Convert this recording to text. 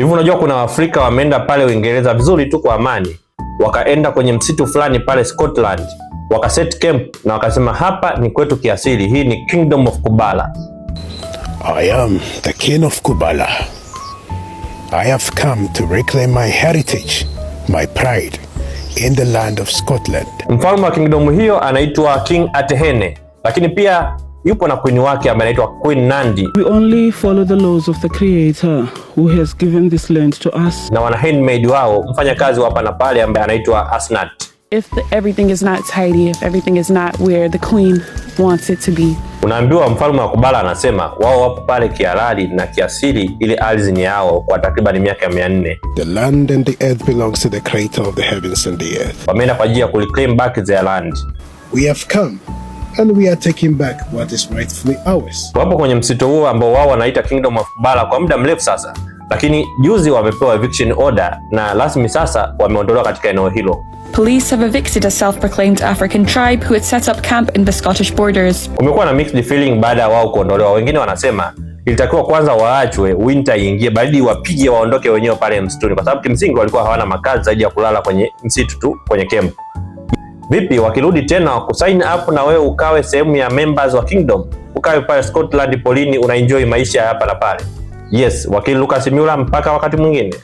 Hivyo unajua kuna Waafrika wameenda pale Uingereza vizuri tu kwa amani, wakaenda kwenye msitu fulani pale Scotland, wakaset camp na wakasema hapa ni kwetu kiasili. Hii ni Kingdom of Kubala. I am the king of Kubala. I have come to reclaim my heritage, my pride in the land of Scotland. Mfalme wa kingdomu hiyo anaitwa King Atehene, lakini pia yupo na queen wake ambaye anaitwa Queen Nandi. We only follow the laws of the creator who has given this land to us. Na wana handmaid wao mfanyakazi wa hapa na pale ambaye anaitwa Asnat. If the, everything is not tidy, if everything is not where the queen wants it to be. Unaambiwa mfalme wa Kubala anasema wao wapo pale kihalali na kiasili, ile ardhi ni yao kwa takriban miaka 400. The land and the earth belongs to the creator of the heavens and the earth. Wameenda kwa ajili ya kureclaim back their land. We have come and we are taking back what is rightfully ours. Wapo kwenye msitu huo ambao wao wanaita Kingdom of Bala kwa muda mrefu sasa, lakini juzi wamepewa eviction order na rasmi sasa wameondolewa katika eneo hilo. Police have evicted a self-proclaimed African tribe who had set up camp in the Scottish borders. Umekuwa na mixed feeling baada ya wao kuondolewa. Wengine wanasema ilitakiwa kwanza waachwe winter iingie, baridi wapige, waondoke wenyewe pale msituni, kwa sababu kimsingi walikuwa hawana makazi zaidi ya kulala kwenye msitu tu kwenye kemp. Vipi wakirudi tena wakusign up na wewe ukawe sehemu ya members wa Kingdom, ukawe pale Scotland polini, unaenjoy maisha hapa na pale. Yes, wakili Lucas Miura, mpaka wakati mwingine.